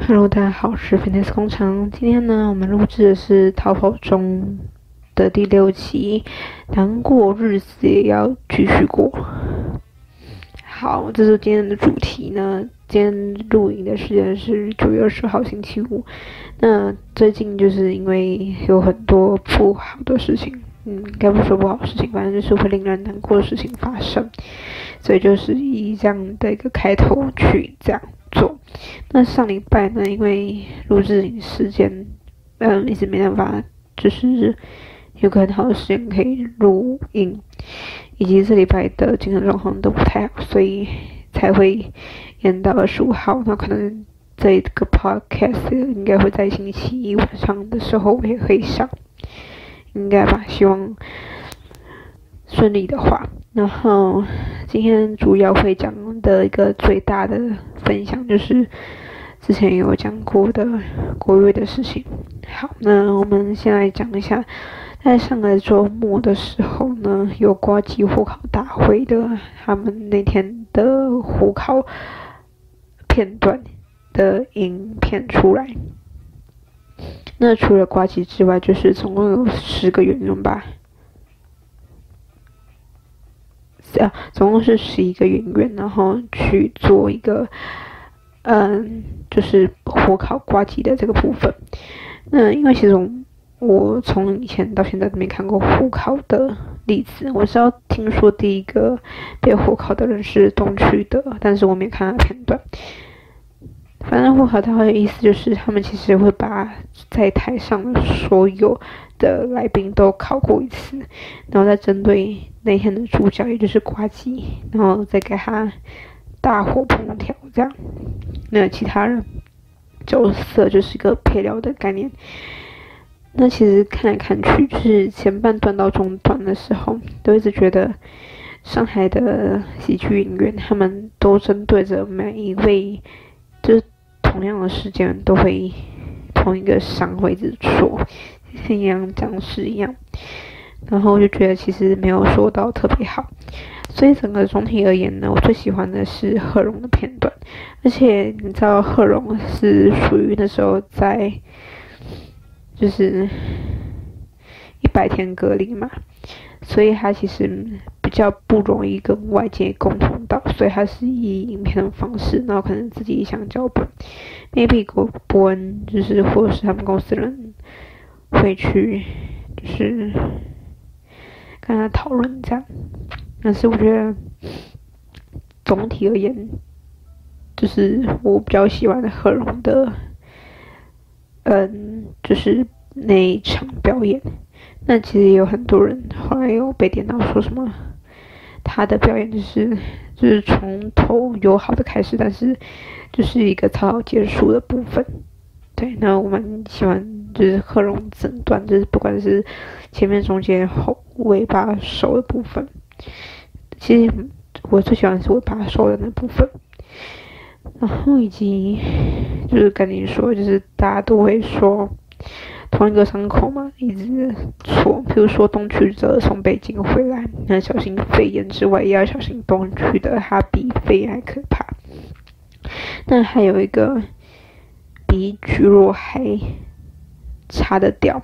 哈嘍，Hello, 大家好，我是 Fitness 工程。今天呢，我們錄製的是《逃跑》中的第六期，難過日子也要繼續過。好，這是今天的主題呢。今天錄影的時間是九月二十號，星期五。那最近就是因為有很多不好的事情，嗯，應該不說不好的事情，反正就是會令人難過的事情發生，所以就是以這樣的一個開頭去這樣做，那上禮拜呢，因為錄製時間，嗯，一直沒辦法，就是有個很好的時間可以錄音，以及這禮拜的精神狀況都不太好，所以才會延到二十五號。那可能這一個 podcast 應該會在星期一晚上的時候我也會上，應該吧？希望。順利的話，然後今天主要會講的一個最大的分享就是之前有講過的國樂的事情。好，那我們先來講一下，在上個週末的時候呢，有呱吉火烤大會的，他們那天的火烤片段的影片出來。那除了呱吉之外，就是總共有十個演員吧。樣、啊，總共是十一個演員，然後去做一個，嗯，就是火烤呱吉的這個部分。那因為其實我從以前到現在沒看過火烤的例子，我只要聽說第一個被火烤的人是東區的，但是我沒看到片段。反正火烤它很有意思就是，他們其實會把在台上的所有。的來賓都考過一次，然後再針對那一天的主角，也就是呱吉，然後再給他大火烹調這樣。那其他人角色就是一個配料的概念。那其實看來看去，就是前半段到中段的時候，都一直覺得上海的喜劇演員他們都針對着每一位，就是同樣的時間都會同一個商會一直說。信仰講師一樣，然後就覺得其實沒有說到特別好，所以整個總體而言呢，我最喜歡的是賀榮的片段，而且你知道賀榮是屬於那時候在，就是一百天隔離嘛，所以他其實比較不容易跟外界溝通到，所以他是以影片的方式，然後可能自己想腳本，maybe 伯 r 恩就是或者是他們公司人。會去就是跟他討論這樣，但是我覺得總體而言，就是我比較喜歡何榮的，嗯，就是那一場表演。那其實也有很多人後來又被電到說什麼，他的表演就是就是從頭有好的開始，但是就是一個草草結束的部分。對，那我們喜歡。就是克隆診斷，就是不管是前面、中間、後尾巴、手的部分。其實我最喜歡的是尾巴手的那部分。然後以及就是跟你說，就是大家都會說同一個傷口嘛，一直說，比如說東區的從北京回來，要小心肺炎之外，也要小心東區的，它比肺炎還可怕。那還有一個比豬肉還……擦得掉。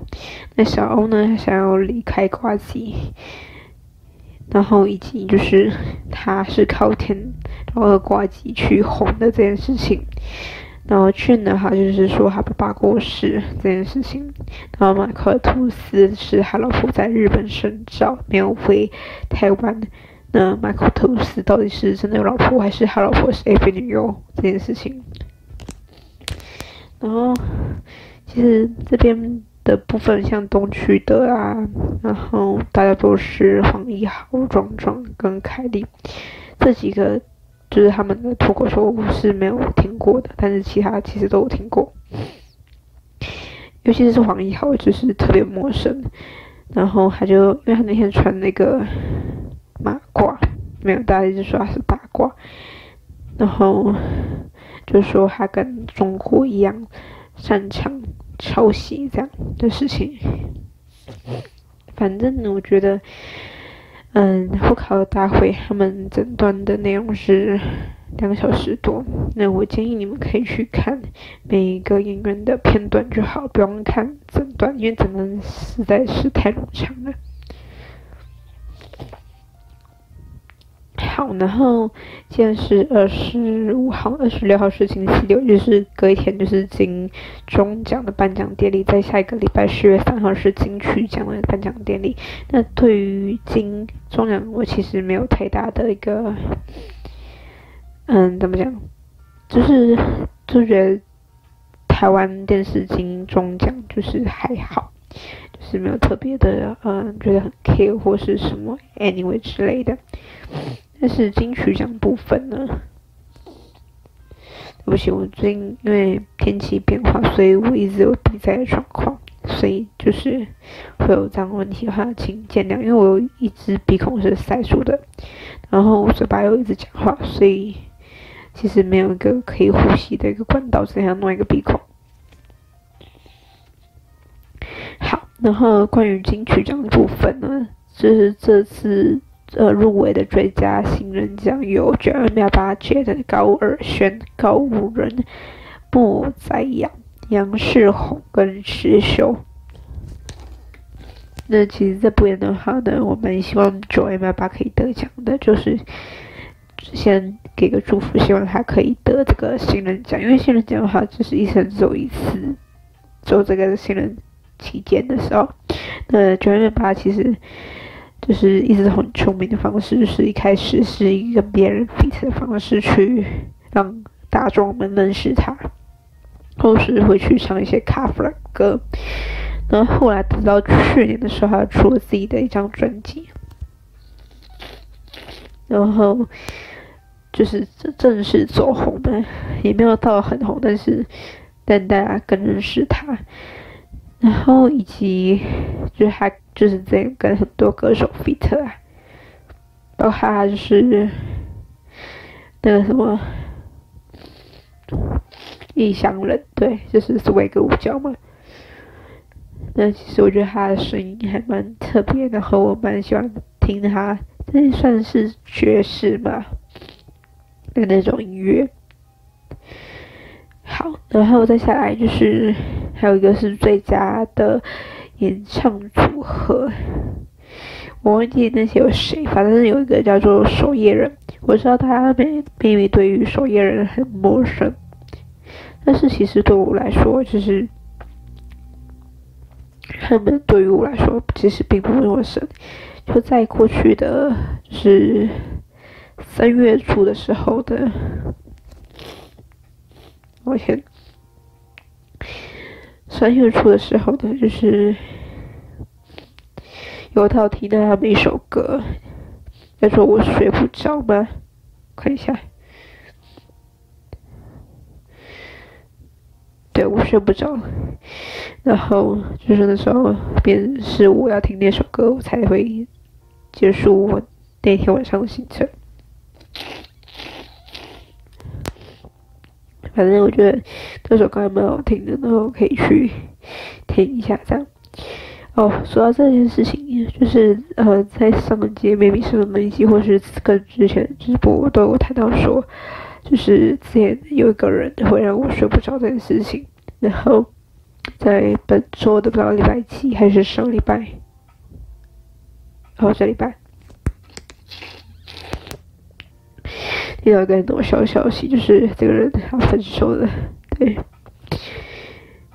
那小歐呢？想要離開呱吉，然後以及就是他是靠天然後呱吉去紅的這件事情。然後勸呢？他就是說他爸爸過世這件事情。然後馬克兔斯是他老婆在日本深造，沒有回台灣。那馬克兔斯到底是真的有老婆，還是他老婆是 AV 女優這件事情？然後。其實這邊的部分，像東區的啊，然後大家都是黃一豪、壯壯跟凱麗這幾個，就是他們的脫口秀我是沒有聽過的，但是其他其實都有聽過。尤其是黃一豪，就是特別陌生。然後他就因為他那天穿那個馬褂，沒有，大家一直說他是大褂，然後就說他跟中國一樣擅長抄襲這樣的事情，反正呢，我覺得，嗯，火烤大會他們整段的內容是兩個小時多，那我建議你們可以去看每一個演員的片段就好，不用看整段，因為整段實在是太冗長了。好，然後今天是二十五號，二十六號是星期六，就是隔一天就是金鐘獎的頒獎典禮，在下一個禮拜十月三號是金曲獎的頒獎典禮。那對於金鐘獎，我其實沒有太大的一個，嗯，怎麼講，就是就覺得台灣電視金鐘獎就是還好，就是沒有特別的，嗯，覺得很 care 或是什麼 anyway 之類的。但是金曲獎部分呢，對不起，我最近因為天氣變化，所以我一直有鼻塞的狀況，所以就是會有這樣的問題的話，請見諒。因為我有一隻鼻孔是塞住的，然後我嘴巴又一直講話，所以其實沒有一個可以呼吸的一個管道，只想弄一個鼻孔。好，然後關於金曲獎的部分呢，就是這次。呃，入圍的最佳新人獎有 9m88、j 的高爾宣、高五人、莫宰羊、楊世宏跟持修。那其實這部片的話呢，我們希望 9m88 可以得獎的，就是先給個祝福，希望他可以得這個新人獎，因為新人獎的話就是一生走一次，走這個新人期間的時候，那 9m88 其實。就是一直很聰明的方式，就是一開始是以跟別人比賽的方式去讓大眾們認識他，後是會去唱一些卡弗蘭的歌。然後後來等到去年的時候，他出了自己的一張專輯，然後就是正式走紅的，也沒有到很紅，但是但大家更認識他。然後以及，就是他就是這樣跟很多歌手 fit 啊，包括他就是那個什麼異鄉人，對，就是蘇偉哥舞角嘛。那其實我覺得他的聲音還蠻特別的，然後我蠻喜歡聽他，這算是爵士吧的那種音樂。好，然後再下來就是還有一個是最佳的演唱組合，我忘記那些有誰，反正有一個叫做守夜人。我知道他們秘密對於守夜人很陌生，但是其實對我來說，就是他們對於我來說其實並不陌生。就在過去的，就是三月初的時候的，我先三月初的時候呢，就是有一套聽一首歌，他說我睡不著嗎？看一下，對，我睡不著，然後就是那時候，便是我要聽那首歌，我才會結束我那天晚上的行程。反正我覺得這首歌還蠻好聽的，那我可以去聽一下這樣。哦，說到這件事情，就是呃，在上個節目、maybe 上個星期或是跟之前直播我都有談到說，就是之前有一個人會讓我睡不着這件事情。然後在本週的不知道禮拜幾還是上禮拜，哦，這禮拜。第二個很多小消息，就是這個人他分手了，對，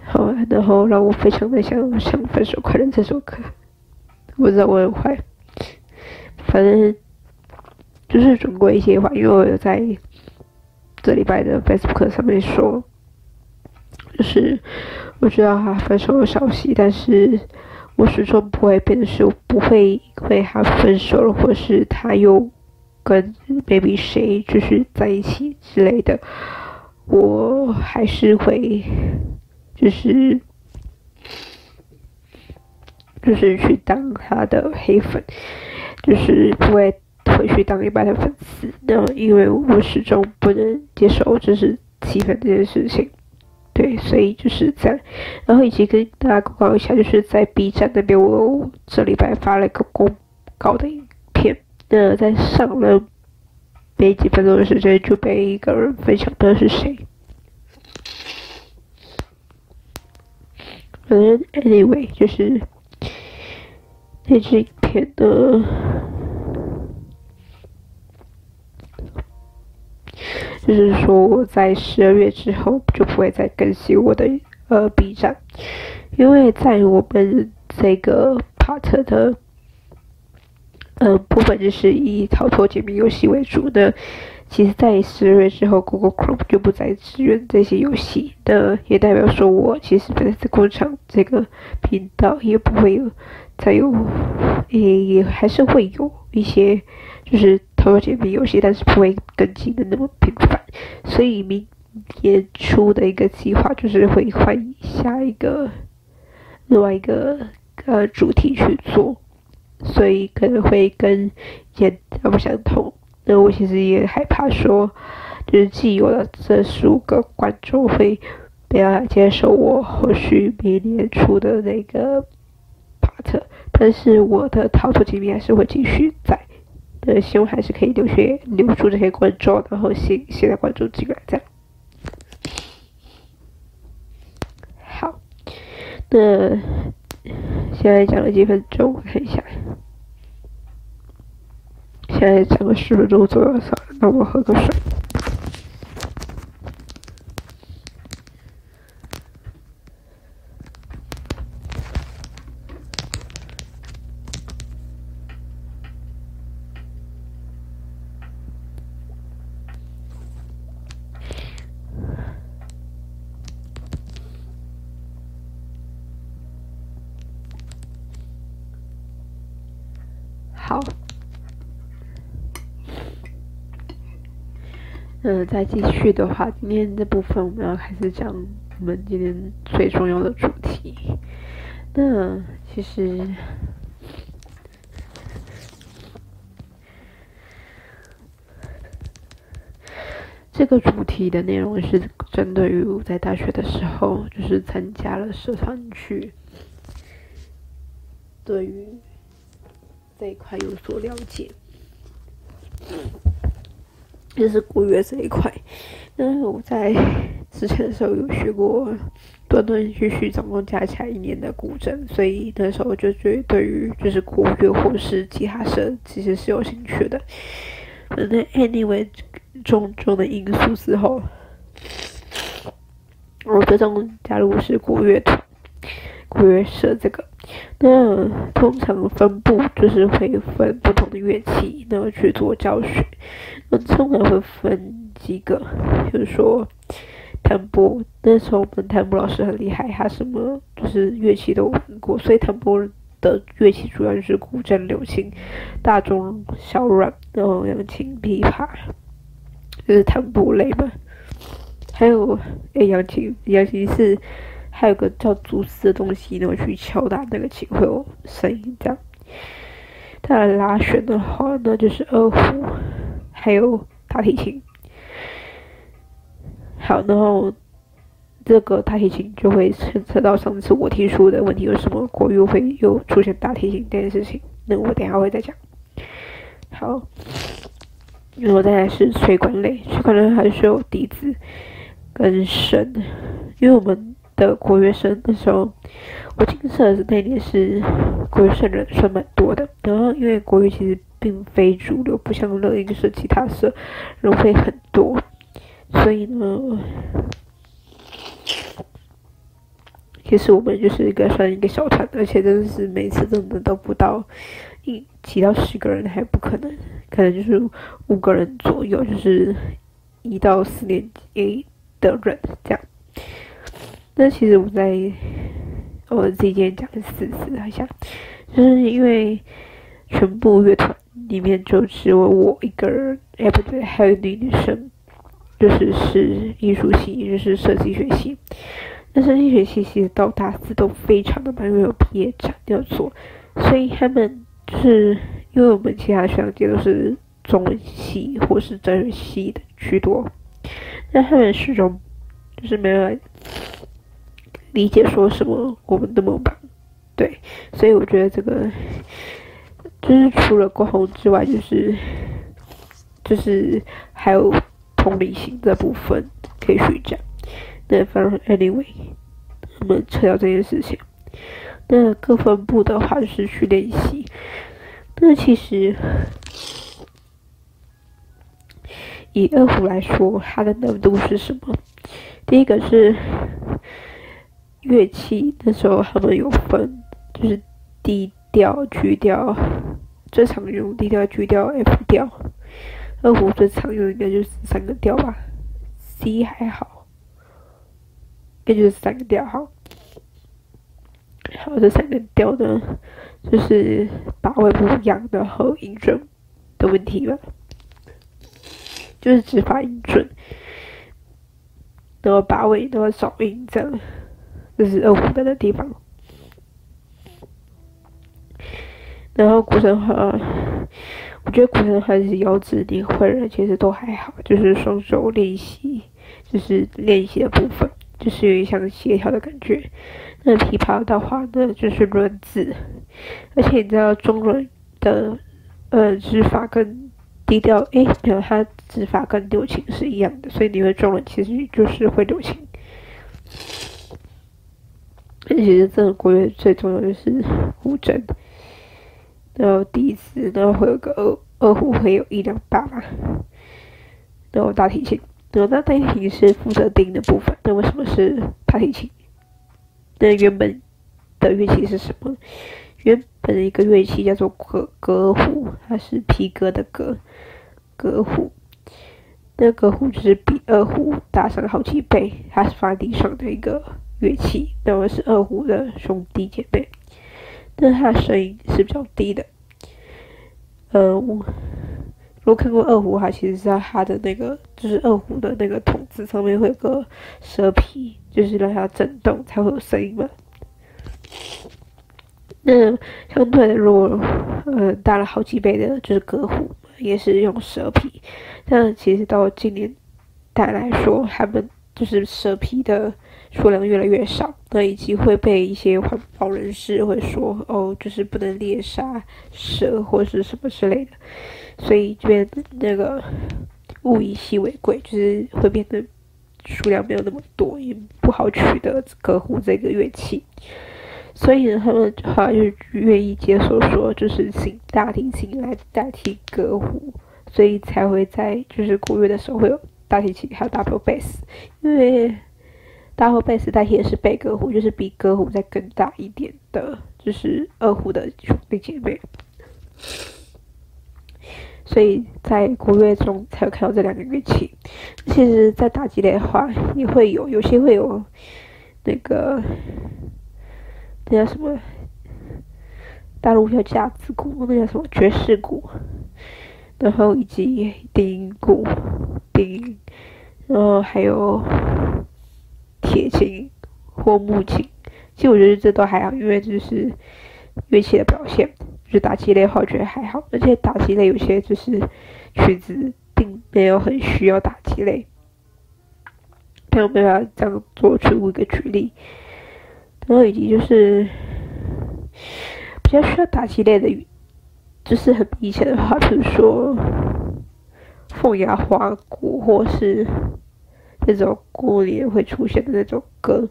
好啊，然後讓我非常的想想《分手快樂》這首歌，我知道我很壞，反正就是總歸一些話，因為我有在這禮拜的 Facebook 上面說，就是我知道他分手的消息，但是我始終不會變的，說不會為他分手了，或是他又。跟 baby 誰就是在一起之類的，我還是會就是就是去當他的黑粉，就是不會回去當一般的粉絲。那因為我始終不能接受就是棄粉這件事情，對，所以就是這樣，然後，以及跟大家公告一下，就是在 B 站那邊我這禮拜發了一個公告的。那在上了沒幾分鐘的時間就被一個人分享，的是誰，嗯。anyway 就是那支影片呢，就是說我在十二月之後就不會再更新我的呃 B 站，因為在我們這個 part 的。嗯，部分就是以逃脫解謎遊戲為主的。其實在十月之後，Google c r o 就不再支援這些遊戲的，也代表說我其實本來在工廠這個頻道也不會有再有，也也還是會有一些就是逃脫解謎遊戲，但是不會更新的那麼頻繁。所以明年初的一個計劃就是會換下一個另外一個呃、啊、主題去做。所以可能會跟演的不相同。那我其實也害怕說，就是既有了這十五個觀眾會不要接受我後續明年出的那個巴特，但是我的逃脫機密還是會繼續在，那希望還是可以留學留住這些觀眾，然後新新的觀眾進來，自來這樣。樣好，那現在講了幾分鐘，我看一下。現在才十分鐘左右，啥？那我喝個水。再繼續的話，今天這部分我們要開始講我們今天最重要的主題。那其實這個主題的內容是針對於我在大學的時候，就是參加了社團去，對於這一塊有所了解。就是國樂這一塊，但是我在之前的時候有學過斷斷續續，總共加起來一年的古箏，所以那時候就覺得對於就是國樂或是吉他社其實是有興趣的。那 anyway，重重的因素之後，我最終加入是國樂團、國樂社這個。那通常分布，就是會分不同的樂器，然後去做教學。那麼通常會分幾個，就是說彈撥。那時候我們彈撥老師很厲害，他什麼就是樂器都問過，所以彈撥的樂器主要是古箏、柳琴、大中小軟然後揚琴、琵琶，就是彈撥類嘛。還有誒，揚琴，揚琴是。還有個叫竹子的東西，然後去敲打那個琴會有聲音。這樣，再來拉弦的話呢，那就是二胡，還有大提琴。好，然後這個大提琴就會牽扯到上次我提出的問題：為什麼國樂會又出現大提琴這件事情？那我等一下會再講。好，然後再來是吹管類，吹管類還是有笛子跟笙，因為我們。的國樂社那時候，我進社那年是國樂社人算蠻多的。然後因為國樂其實並非主流，不像樂音社、其他社人會很多，所以呢，其實我們就是一個算一個小團，而且真的是每次都都不到一起到十個人還不可能，可能就是五個人左右，就是一到四年級的人這樣。那其實我在我最近講了四次，好像就是因為全部樂團裡面就只有我一個人，哎不對，還有女女生，就是是藝術系，就是設計學系。那設計學系其實到大四都非常的忙，因為有畢業展要做，所以他們就是因為我們其他學長姐都是中文系或是哲學系的居多，但他們始終就是沒有。理解說什麼，我們那麼忙，對，所以我覺得這個就是除了溝通之外，就是就是還有同理心這部分可以去講。那反正 anyway，我們撤掉這件事情。那各分部的話就是去練習。那其實以二胡來說，它的難度是什麼？第一個是。樂器那時候他們有分，就是 D 調、G 調，最常用 D 調、G 調、F 調。二胡最常用應該就是三個調吧，C 還好，應該就是三個調好。還有這三個調呢，就是把位不一樣，然後音準的問題吧，就是指法音準，然後把位、然後找音這樣。這是二胡的地方。然後古箏哈，我覺得古箏還是搖指挺會的，其實都還好。就是雙手練習，就是練習的部分，就是有一項協調的感覺。那琵琶的話呢，就是輪指。而且你知道中阮的呃指法更低調誒，然後它指法跟柳琴是一樣的，所以你會中阮，其實就是會柳琴。其實這個國樂最重要就是古箏，然後笛子，然後會有個二二胡，會有一兩把嘛，然後大提琴，然後大提琴是負責定的部分。那為什麼是大提琴？那原本的樂器是什麼？原本的一個樂器叫做革革胡，它是皮革的革革胡，那革胡就是比二胡大上好幾倍，它是發低爽的一個。樂器，那麼是二胡的兄弟姐妹，那它的聲音是比較低的。呃，我如果看過二胡哈，其實是它的那個，就是二胡的那個筒子上面會有個蛇皮，就是讓它震動才會有聲音嘛。那相對的，如果呃大了好幾倍的，就是革胡，也是用蛇皮，但其實到近年代來說，他們就是蛇皮的。數量越來越少，那以及會被一些環保人士會說哦，就是不能獵殺蛇或者是什麼之類的，所以這邊那個物以稀為貴，就是會變得數量沒有那麼多，也不好取得革胡這個樂器，所以呢，他們好像就願意接受說，就是請大提琴來代替革胡，所以才會在就是國樂的時候會有大提琴還有 double bass，因為。大後貝斯代替是倍革胡，就是比革胡再更大一點的，就是二胡的兄弟姐妹。所以在國樂中才有看到這兩個樂器。其實，在打擊類的話也會有，有些會有那個那叫什麼大陸叫架子鼓，那叫什麼爵士鼓，然後以及定音鼓、定音，然後還有。鐵琴或木琴，其實我覺得這都還好，因為這是樂器的表現。就是打擊類的話，我覺得還好。而且打擊類有些就是曲子並沒有很需要打擊類，沒有辦法這樣做出一個舉例。然後以及就是比較需要打擊類的，就是很明顯的話，比如說鳳陽花鼓或是。那種過年會出現的那種歌，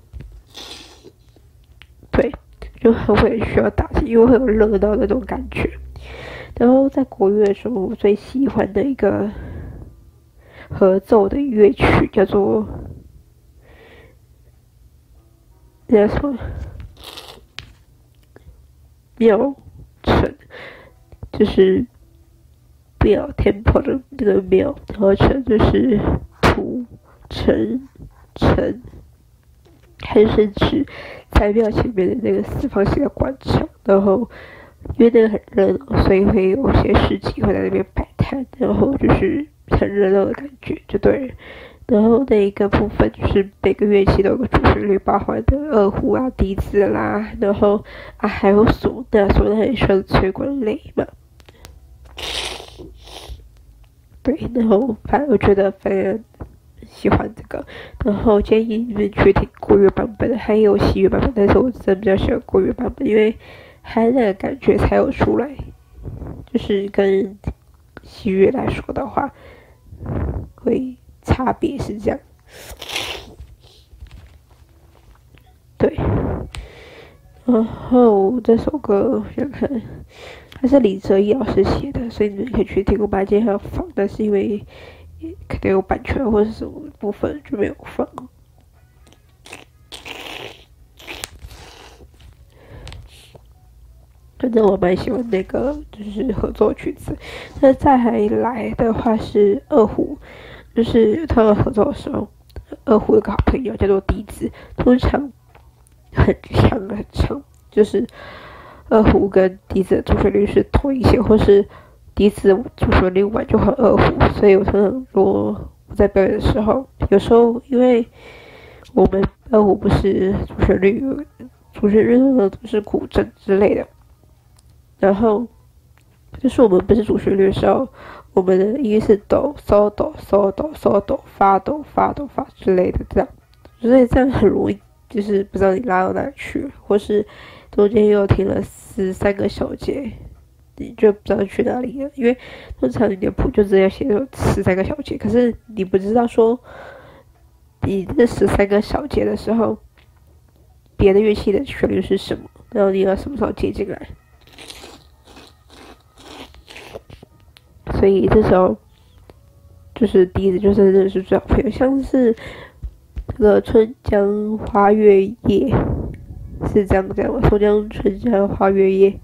對，就很會需要打擊，因為會有熱鬧那種感覺。然後在國樂中，我最喜歡的一個合奏的樂曲叫做，念錯了，廟成，就是，廟 temple 的的廟，合成就是圖。城，城，還是甚至財廟前面的那個四方形的廣場，然後因為那個很熱鬧，所以會有些事情會在那邊擺攤，然後就是很熱鬧的感覺，就對。然後那一個部分就是每個樂器都有個主旋律，包含的二胡啊、笛子啦，然後啊還有嗩吶，嗩吶很像吹管類嘛。對，然後反正我覺得反正。喜歡這個，然後建議你們去聽國語版本，還有西語版本。但是我真的比較喜歡國語版本，因為海南感覺才有出來，就是跟西語來說的話，會差別是這樣。對，然後這首歌我想看，還是李哲藝老師寫的，所以你們可以去聽國語版，還量放。但是因為。肯定有版權或者是什麼部分就沒有放。反正我蠻喜歡那個，就是合作曲子。那再來的話是二胡，就是他們合作的時候，二胡有個好朋友叫做笛子，通常很強很長，就是二胡跟笛子準確率是同一些或是。第一次主旋律晚就很二胡，所以我想很多我在表演的時候，有時候因為我們二胡不是主旋律，主旋律的都是古箏之類的，然後就是我們不是主旋律的時候，我們的音樂是哆嗦、哆嗦、哆嗦、哆發、哆發、哆發之類的這樣，所以這樣很容易就是不知道你拉到哪裡去，或是中間又停了十三個小節。你就不知道去哪裡了，因為通常你的譜就這樣寫有十三個小節，可是你不知道說，你這十三個小節的時候，別的樂器的旋律是什麼，然後你要什麼時候接進來？所以這時候，就是第一，就是認識最好朋友，像是這個《春江花月夜》，是這樣講的，松江春江花月夜。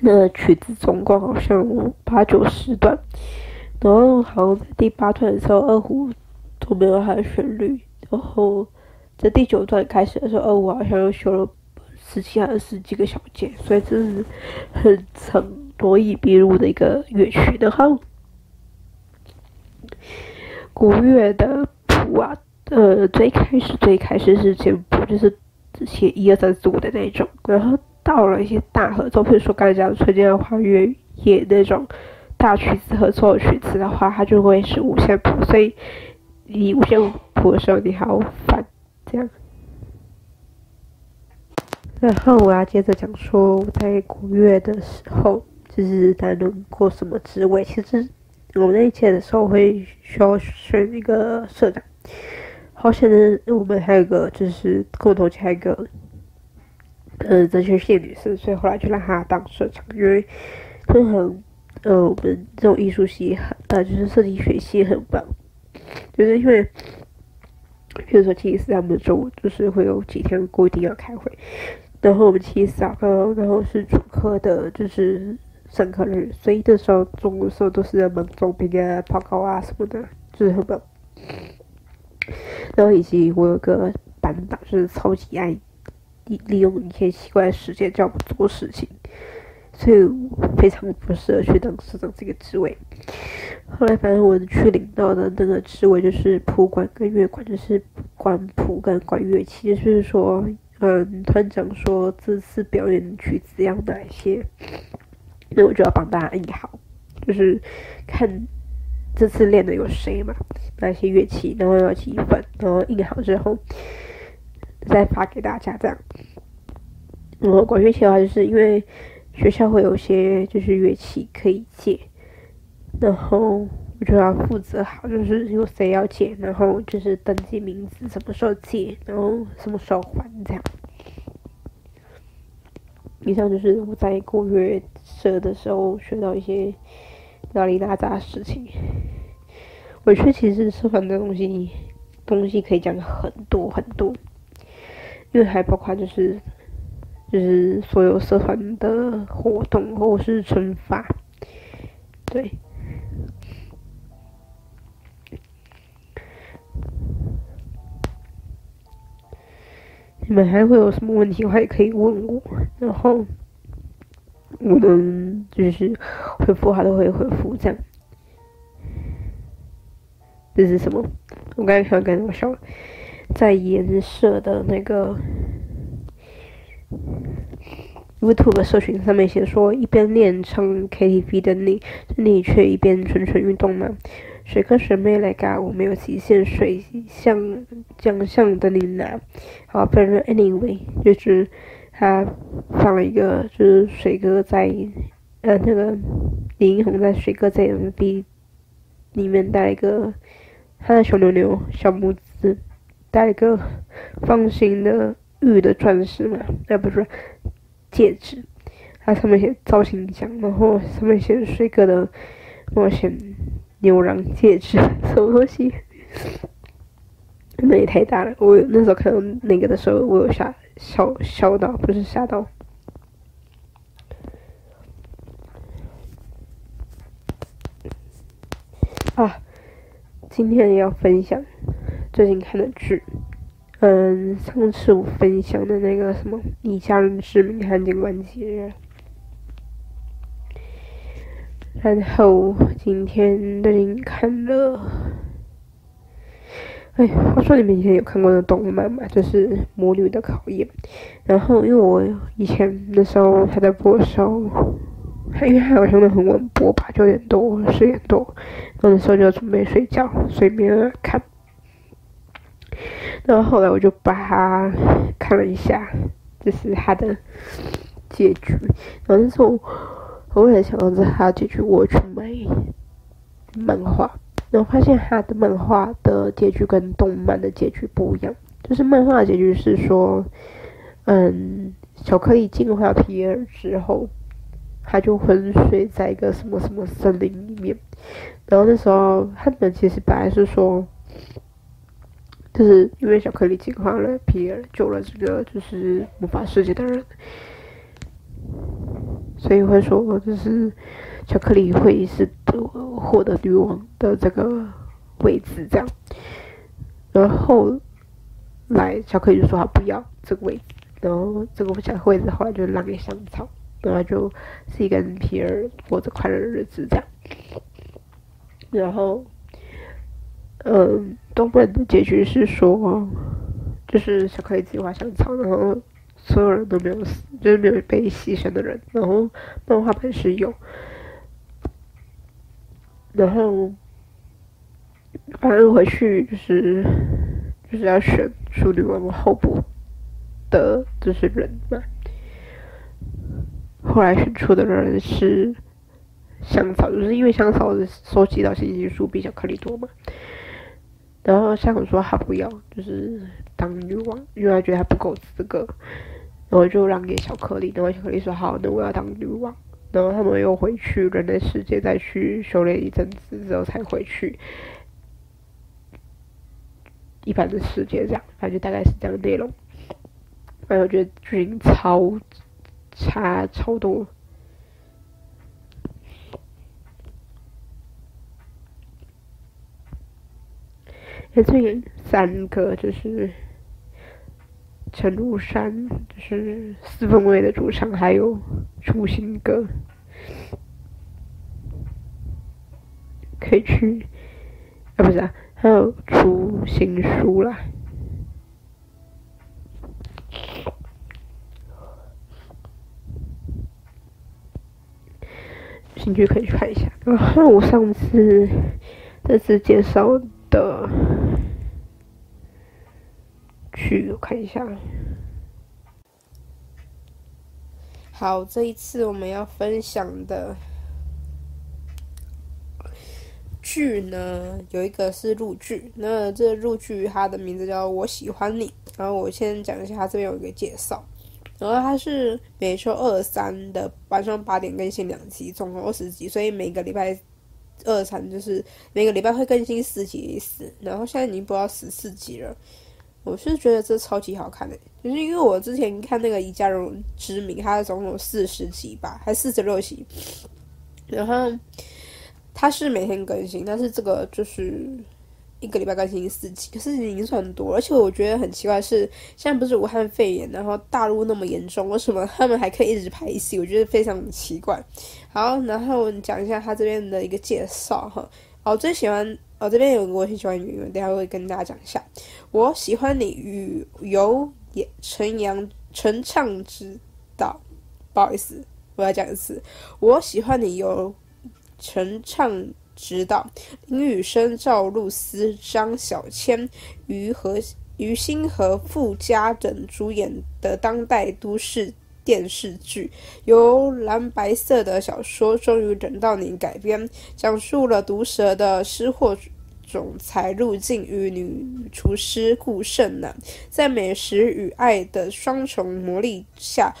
那曲子總共好像有八九十段，然後好像在第八段的時候，二胡都沒有它的旋律，然後在第九段開始的時候，二胡好像又學了十七還是十幾個小節，所以這是很長、多以筆錄的一個樂曲然後。國樂的譜啊，呃，最開始最開始是簡譜，就是寫一二三四五的那種，然後。到了一些大合作，比如說剛才講的春江花月夜那種大曲子合作曲子的話，它就會是五線譜。所以你五線譜的時候，你好煩這樣。 然後我要接着講說，在國樂的時候，就是擔任過什麼職位。其實我們那屆的時候會需要選一個社長，好像呢我們還有個就是共同還有一個。呃，哲學系女生，所以後來就讓她當社長，因為很很呃，我們這種藝術系很呃，就是設計學系很忙，就是因為比如說星期四啊，我們中午，就是會有幾天固定要開會，然後我們星期四啊，然後是主課的就是上課日，所以那時候中午時候都是在忙周評啊、跑稿啊什麼的，就是很忙。然後以及我有個班導就是超級愛。利用一些奇怪的時間叫我做事情，所以我非常不適合去當社長這個職位。後來，反正我去領導的那個職位就是譜管跟樂管，就是管譜跟管樂器。就是說，嗯，團長說這次表演曲子要哪些，那我就要幫大家印好，就是看這次練的有誰嘛，哪些樂器，然後要幾份，然後印好之後。再發給大家這樣。我、嗯、管樂器的話，就是因為學校會有些就是樂器可以借，然後我就要負責好，就是有誰要借，然後就是登記名字，什麼時候借，然後什麼時候還這樣。以上就是我在管樂社的時候學到一些雜七雜八的事情。我覺得其實社團的東西，東西可以講很多很多。這還包括就是，就是所有社團的活動或是懲罰。對，你們還會有什麼問題的話也可以問我，然後我能就是回復他都會回復。這樣，這是什麼？我剛才想跟什麼笑？在顏色的那個 YouTube 的社群上面寫說：“一邊練唱 K T V 的你，你卻一邊蠢蠢欲動呢。水哥水妹來嘎，我沒有極限水像，水相獎項的你拿。好，不然說 Anyway 就是他放了一個，就是水哥在，呃，那個李銀河在水哥在 MV 裡面帶一個他的小牛牛小拇指。”戴個方形的玉，玉的鑽石嘛，哎不是戒指，它上面寫造型獎，然後上面寫帥哥的，我寫牛郎戒指，什麼東西？那也太大了！我那時候看那個的時候，我有嚇，嚇嚇到，不是嚇到。啊，今天也要分享。最近看的劇，嗯，上次我分享的那個什麼《你家人之明漢金完結》，然後今天最近看了。哎，話說你們以前有看過的動漫嗎？就是《魔女的考驗》。然後，因為我以前那時候還在播的時候，因為還有相當很晚播，八九點多、十點多，那的時候就準備睡覺，睡眠看。然後後來我就把它看了一下，這、就是他的結局。然後那時候，我本來想着他的結局我去買漫畫，然後發現他的漫畫的結局跟動漫的結局不一樣。就是漫畫的結局是說，嗯，巧克力進化皮爾之後，他就昏睡在一個什麼什麼森林裡面。然後那時候，他們其實本來是說。就是因為巧克力進化了皮爾，救了這個就是魔法世界的人，所以會說就是巧克力會是得獲得女王的這個位置，這樣。然後來，巧克力就說他不要這個位，然後這個位置後來就讓給香草，然後就是一個皮爾過着快樂的日子，這樣。然後，嗯。動漫的結局是說，就是巧克力計劃香草，然後所有人都沒有死，就是沒有被犧牲的人。然後漫畫本是有，然後反正回去就是就是要選出女王後候補的就是人嘛。後來選出的人是香草，就是因為香草收集到信息數比巧克力多嘛。然後三狗說他不要，就是當女王，因為他覺得他不夠資格。然後就讓給小顆粒。然後小顆粒說好，那我要當女王。然後他們又回去人類世界，再去修煉一陣子之後才回去。一般的世界這樣，反正就大概是這樣的內容。反正我覺得劇情超差，超多。啊、最里，三個就是陳如山，就是四分衛的主唱，還有出新歌，可以去啊。不是、啊、還有出新書啦，興趣可以去看一下。然後我上次這次介紹的。去看一下。好，這一次我們要分享的劇呢，有一個是陸劇。那這陸劇它的名字叫《我喜歡你》，然後我先講一下它這邊有一個介紹。然後它是每周二三的晚上八點更新兩集，總共二十集，所以每個禮拜二三就是每個禮拜會更新四集一次。然後現在已經播到十四集了。我是覺得這超級好看的，欸，就是因為我之前看那個《以家人之名》，它總共有四十集吧，還四十六集，然後它是每天更新，但是這個就是一個禮拜更新四集，四集已經算很多了，而且我覺得很奇怪是，現在不是武漢肺炎，然後大陸那麼嚴重，為什麼他們還可以一直拍戲？我覺得非常奇怪。好，然後講一下他這邊的一個介紹哈。我最喜歡。哦，這邊有個我很喜歡的演員，等下會跟大家講一下。我喜歡你，與由演陳陽陳暢執導，不好意思，我要講一次。我喜歡你由陳暢執導，林雨生、趙露思、張小千、於和於心和傅家等主演的當代都市。電視劇由藍白色的小說《終於等到你》改編，講述了毒舌的吃貨總裁路晉與女廚師顧勝男在美食與愛的雙重魔力下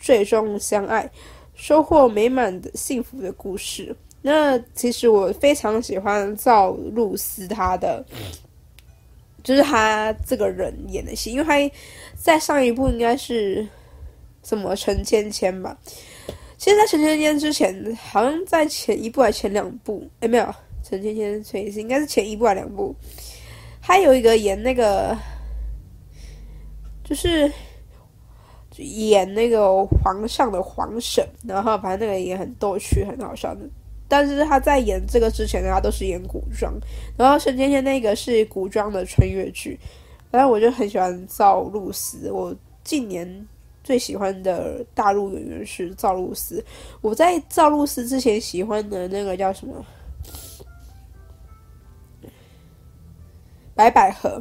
最終相愛，收穫美滿的幸福的故事。那其實我非常喜歡趙露思，她的就是她這個人演的戲，因為她在上一部應該是。什麼陳芊芊吧，其實，在陳芊芊之前，好像在前一部還前兩部，誒，沒有陳芊芊，陳奕迅應該是前一部還兩部，還有一個演那個，就是演那個皇上的皇嬸，然後反正那個也很逗趣，很好笑的。但是他在演這個之前呢，他都是演古裝，然後陳芊芊那個是古裝的穿越劇，反正我就很喜歡趙露思，我近年。最喜歡的大陸演員是趙露思，我在趙露思之前喜歡的那個叫什麼？白百何，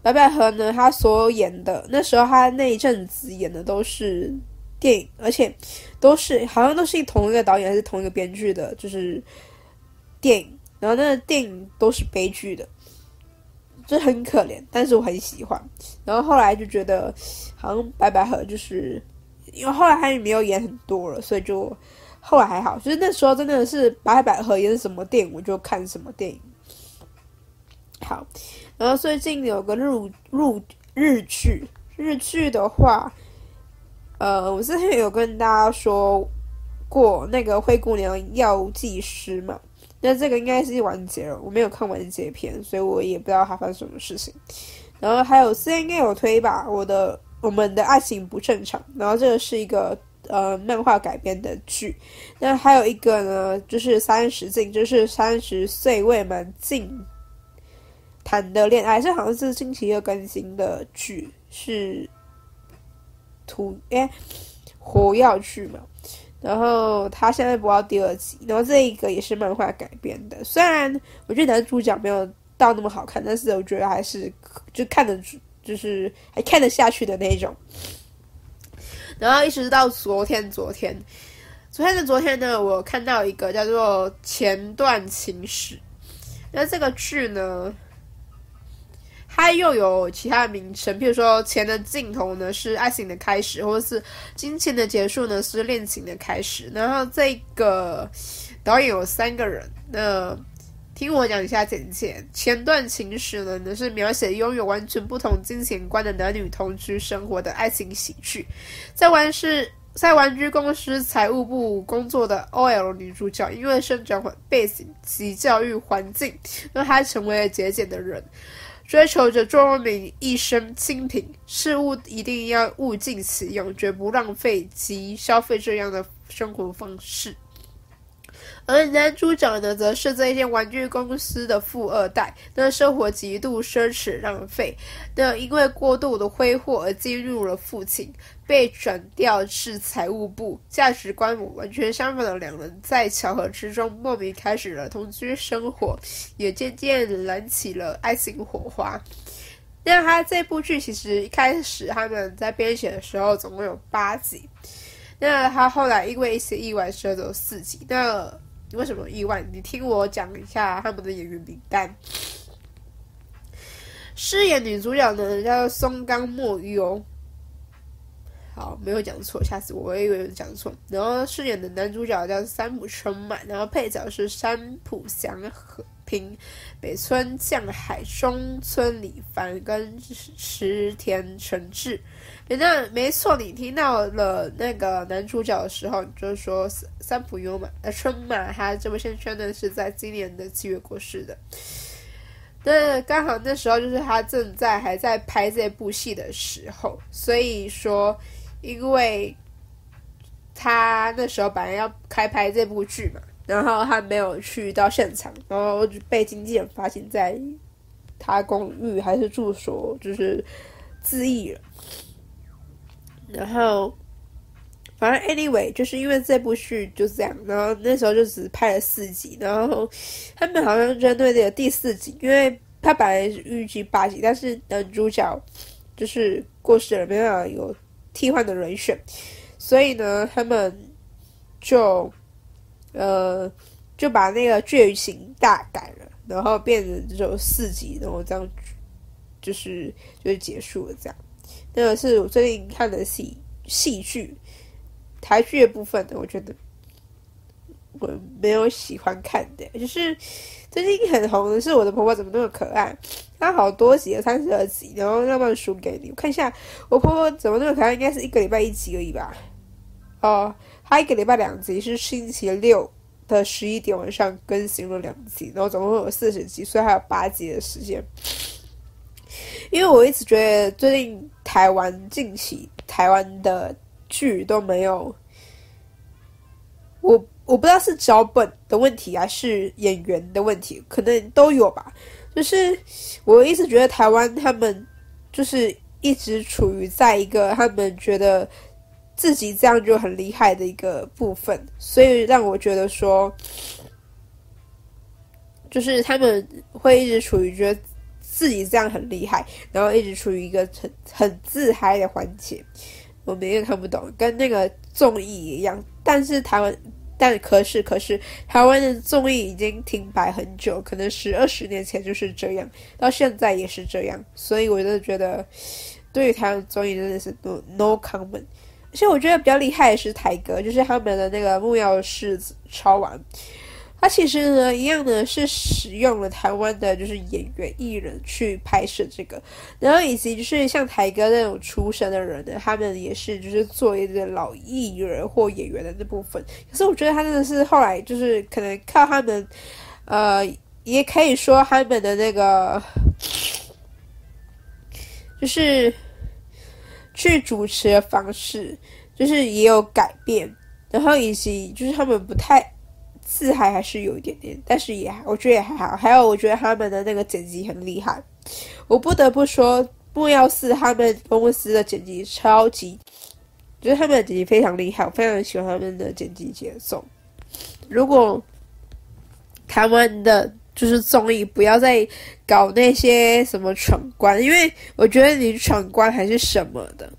白百何呢？她所有演的那時候，她那一陣子演的都是電影，而且都是好像都是同一個導演還是同一個編劇的，就是電影，然後那個電影都是悲劇的。就很可憐，但是我很喜歡。然後後來就覺得，好像白百何就是因為後來她也沒有演很多了，所以就後來還好。就是那時候真的是白百何演什麼電影我就看什麼電影。好，然後最近有個入入日劇，日劇的話，呃，我之前有跟大家說過那個《灰姑娘藥劑師》嘛。那這個應該是完結了，我沒有看完結篇，所以我也不知道它發生什麼事情。然後還有現在應該有推吧，我的我們的愛情不正常。然後這個是一個呃漫畫改編的劇。那還有一個呢，就是三十禁，就是三十歲未滿禁談的戀愛，這好像是星期六更新的劇，是圖哎火藥劇嘛？然後他現在播到第二集，然後這個也是漫畫改編的。雖然我覺得男主角沒有到那麼好看，但是我覺得還是就看得出，就是還看得下去的那一種。然後一直到昨天，昨天，昨天的昨天呢，我看到一個叫做《前段情史》，那這個劇呢。他又有其他的名稱，比如說“錢的盡頭呢是愛情的開始”，或者是“金錢的結束呢是戀情的開始”。然後這個導演有三個人。那聽我講一下簡介：前段情史呢，是描寫擁有完全不同金錢觀的男女同居生活的愛情喜劇。在玩是，在玩具公司財務部工作的 OL 女主角，因為生長背景及教育環境，那她成為了節儉的人。追求着莊文敏一生清貧，事物一定要物盡其用，絕不浪費及消費這樣的生活方式。而男主角呢，則是這一家玩具公司的富二代，那生活極度奢侈浪費。那因為過度的揮霍而激怒了父親被轉調至財務部，價值觀完全相反的兩人在巧合之中莫名開始了同居生活，也漸漸燃起了愛情火花。那他這部劇其實一開始他們在編寫的時候總共有八集，那他後來因為一些意外折走四集，那。你為什麼意外？你聽我講一下他們的演員名單。飾演女主角呢，叫松岡茉優哦，好沒有講錯，下次我也以為講錯。然後飾演的男主角叫三浦春馬，然後配角是三浦祥和。平北村匠海、中村李凡跟石田誠志，那沒錯，你聽到了那個男主角的時候，你就是說三三浦優馬，呃，春馬他這部線圈呢是在今年的七月過世的，那剛好那時候就是他正在還在拍這部戲的時候，所以說，因為他那時候本來要開拍這部劇嘛。然後他沒有去到現場，然後就被經紀人發現，在他公寓還是住所就是自縊了。然後，反正 anyway，就是因為這部劇就這樣。然後那時候就只拍了四集，然後他們好像針對那個第四集，因為他本來預計八集，但是男主角就是過世了，沒辦法有替換的人選，所以呢，他們就。呃，就把那個劇情大改了，然後變成這種四集，然後這樣就是就是結束了。這樣，那個是我最近看的戲戲劇台劇的部分的，我覺得我沒有喜歡看的。就是最近很紅的是《我的婆婆怎麼那麼可愛》，她好多集了，三十二集，然後那本書給你我看一下。我婆婆怎麼那麼可愛？應該是一個禮拜一集而已吧？哦、呃。他一個禮拜兩集，是星期六的十一點晚上更新了兩集，然後總共有四十集，所以還有八集的時間。因為我一直覺得最近台灣，近期台灣的劇都沒有我，我我不知道是腳本的問題還、啊、是演員的問題，可能都有吧。就是我一直覺得台灣他們就是一直處於在一個他們覺得。自己這樣就很厲害的一個部分，所以讓我覺得說，就是他們會一直處於覺得自己這樣很厲害，然後一直處於一個很很自嗨的環節。我完全看不懂，跟那個綜藝一樣。但是台灣，但可是可是，台灣的綜藝已經停擺很久，可能十二十年前就是這樣，到現在也是這樣。所以我就覺得，對於台灣綜藝真的是 no no comment。其實我覺得比較厲害的是邰哥，就是他們的那個木曜四超玩。他其實呢，一樣呢是使用了台灣的，就是演員藝人去拍攝這個，然後以及就是像邰哥那種出身的人呢，他們也是就是做一個老藝人或演員的那部分。可是我覺得他真的是後來就是可能靠他們，呃，也可以說他們的那個，就是。去主持的方式就是也有改變，然後以及就是他們不太自嗨，還是有一點點，但是也我覺得也還好。還有我覺得他們的那個剪輯很厲害，我不得不說木曜寺他們公司的剪輯超級，覺得他們的剪輯非常厲害，我非常喜歡他們的剪輯節奏。如果台灣的。就是綜藝不要再搞那些什麼闖關，因為我覺得你闖關還是什麼的，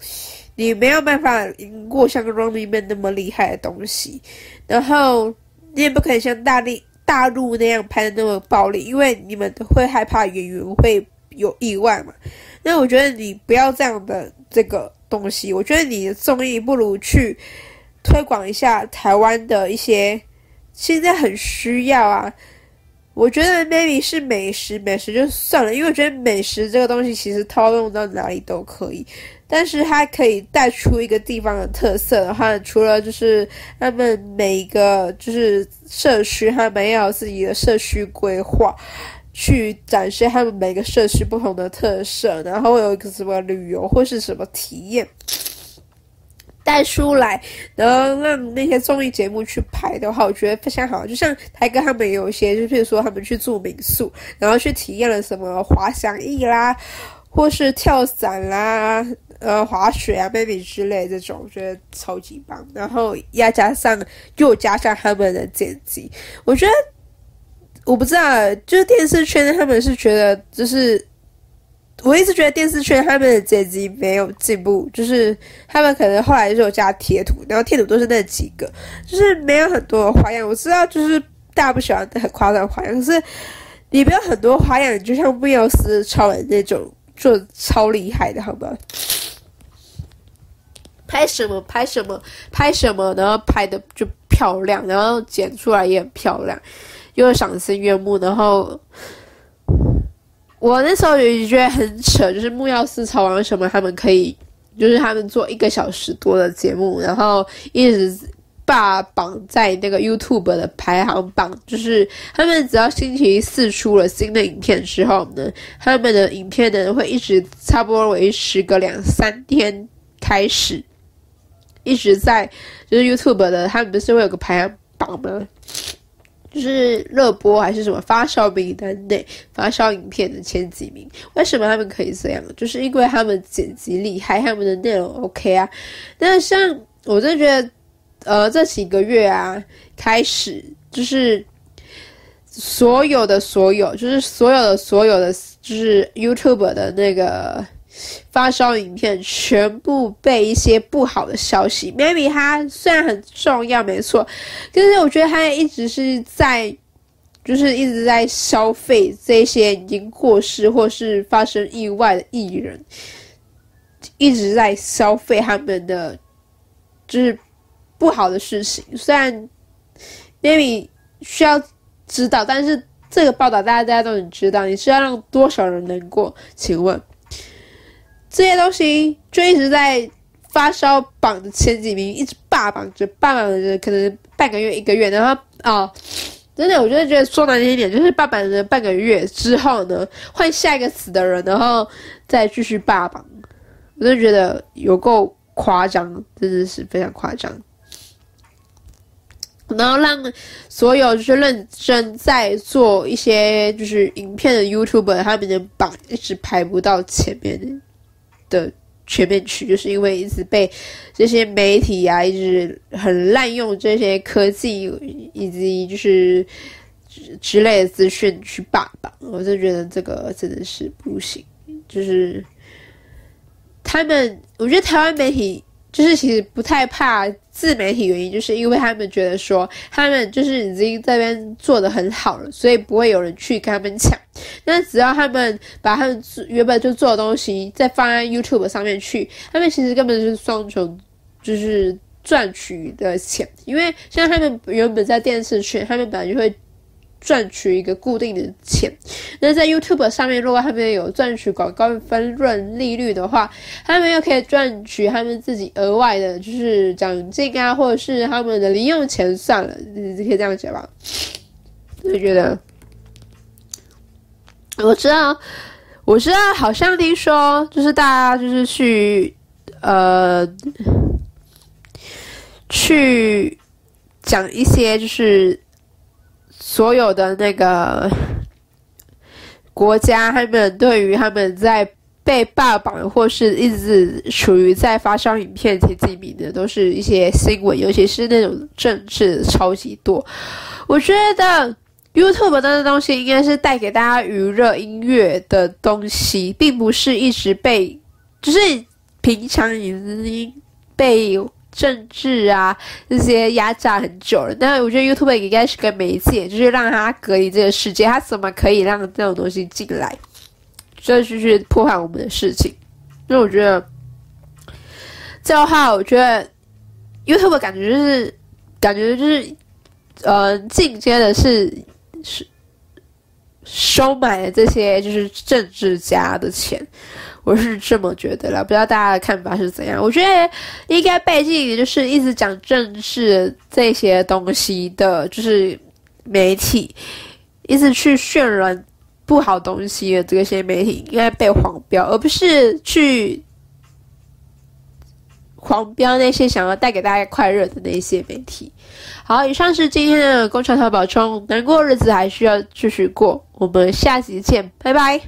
你沒有辦法贏過像《Running Man》那麼厲害的東西，然後你也不可以像大陸大陸那樣拍的那麼暴力，因為你們會害怕演員會有意外嘛。那我覺得你不要這樣的這個東西，我覺得你的綜藝不如去推廣一下台灣的一些現在很需要啊。我覺得 maybe 是美食，美食就算了，因為我覺得美食這個東西其實套用到哪裡都可以，但是它可以帶出一個地方的特色的話，除了就是他們每一個就是社區，他們要有自己的社區規劃，去展示他們每個社區不同的特色，然後有一個什麼旅遊或是什麼體驗。帶出來，然後讓那些綜藝節目去拍的話，我覺得非常好。就像台哥他們有一些，就譬如說他們去住民宿，然後去體驗了什麼滑翔翼啦，或是跳傘啦，呃，滑雪啊，baby 之類的這種，我覺得超級棒。然後要加上又加上他們的剪輯，我覺得我不知道，就是電視圈他們是覺得就是。我一直覺得電視圈他們的剪輯沒有進步，就是他們可能後來就有加貼圖，然後貼圖都是那幾個，就是沒有很多花樣。我知道，就是大家不喜歡很誇張的花樣，可是裡邊沒有很多花樣。就像布料斯超人那種做超厲害的，好吧？拍什麼拍什麼拍什麼，然後拍的就漂亮，然後剪出來也很漂亮，又賞心悅目，然後。我那時候也覺得很扯，就是木曜四超玩什麼，他們可以，就是他們做一個小時多的節目，然後一直霸榜在那個 YouTube 的排行榜，就是他們只要星期四出了新的影片之後呢，他們的影片呢會一直差不多維持個兩三天開始，一直在就是 YouTube 的，他們不是會有個排行榜嗎？就是熱播還是什麼發燒名單內發燒影片的前幾名？為什麼他們可以這樣？就是因為他們剪輯厲害，他們的內容 OK 啊。但是像我真的覺得，呃，這幾個月啊，開始就是所有的所有，就是所有的所有的，就是 YouTube 的那個。發燒影片，全部被一些不好的消息。maybe 他雖然很重要沒，沒錯，就是我覺得他一直是在，就是一直在消費這些已經過世或是發生意外的藝人，一直在消費他們的就是不好的事情。雖然 maybe 需要知道，但是這個報道大家大家都很知道，你是要讓多少人難過？請問？這些東西就一直在發燒榜的前幾名，一直霸榜，就霸榜了可能半個月、一個月，然後哦，真的，我就覺得說難聽一點，就是霸榜了半個月之後呢，換下一個死的人，然後再繼續霸榜，我就覺得有夠誇張，真的是非常誇張。然後讓所有就是認真在做一些就是影片的 YouTuber，他們的榜一直排不到前面。的全面去，就是因為一直被這些媒體啊，一直很濫用這些科技，以及就是之之類的資訊去霸榜，我就覺得這個真的是不行。就是他們，我覺得台灣媒體。就是其實不太怕自媒體原因，就是因為他們覺得說他們就是已經在這邊做得很好了，所以不會有人去跟他們搶。但只要他們把他們原本就做的東西再放在 YouTube 上面去，他們其實根本就是雙重就是賺取的錢，因為像他們原本在電視圈，他們本來就會。賺取一個固定的錢，那在 YouTube 上面，如果他們有賺取廣告分潤利率的話，他們又可以賺取他們自己額外的，就是獎金啊，或者是他們的零用錢算了，你可以這樣講吧？就覺得？我知道，我知道，好像聽說，就是大家就是去，呃，去講一些就是。所有的那個國家，他們對於他們在被霸榜或是一直處於在發燒影片前幾名的，都是一些新聞，尤其是那種政治超級多。我覺得 YouTube 的東西應該是帶給大家娛樂音樂的東西，並不是一直被就是平常已經被。政治啊，這些壓榨很久了。但是我覺得 YouTube 應該是個媒介，就是讓他隔離這個世界，他怎麼可以讓這種東西進來？這就是破壞我們的事情？因為我覺得這樣的話，我覺得，因為會不會感覺、就是，感覺就是，呃，進階的是是收買了這些就是政治家的錢。我是這麼覺得了，不知道大家的看法是怎樣？我覺得應該被禁，就是一直講政治這些東西的，就是媒體，一直去渲染不好東西的這些媒體應該被黃標，而不是去黃標那些想要帶給大家快樂的那些媒體。好，以上是今天的弓長逃跑中難過日子還需要繼續過，我們下集見，拜拜。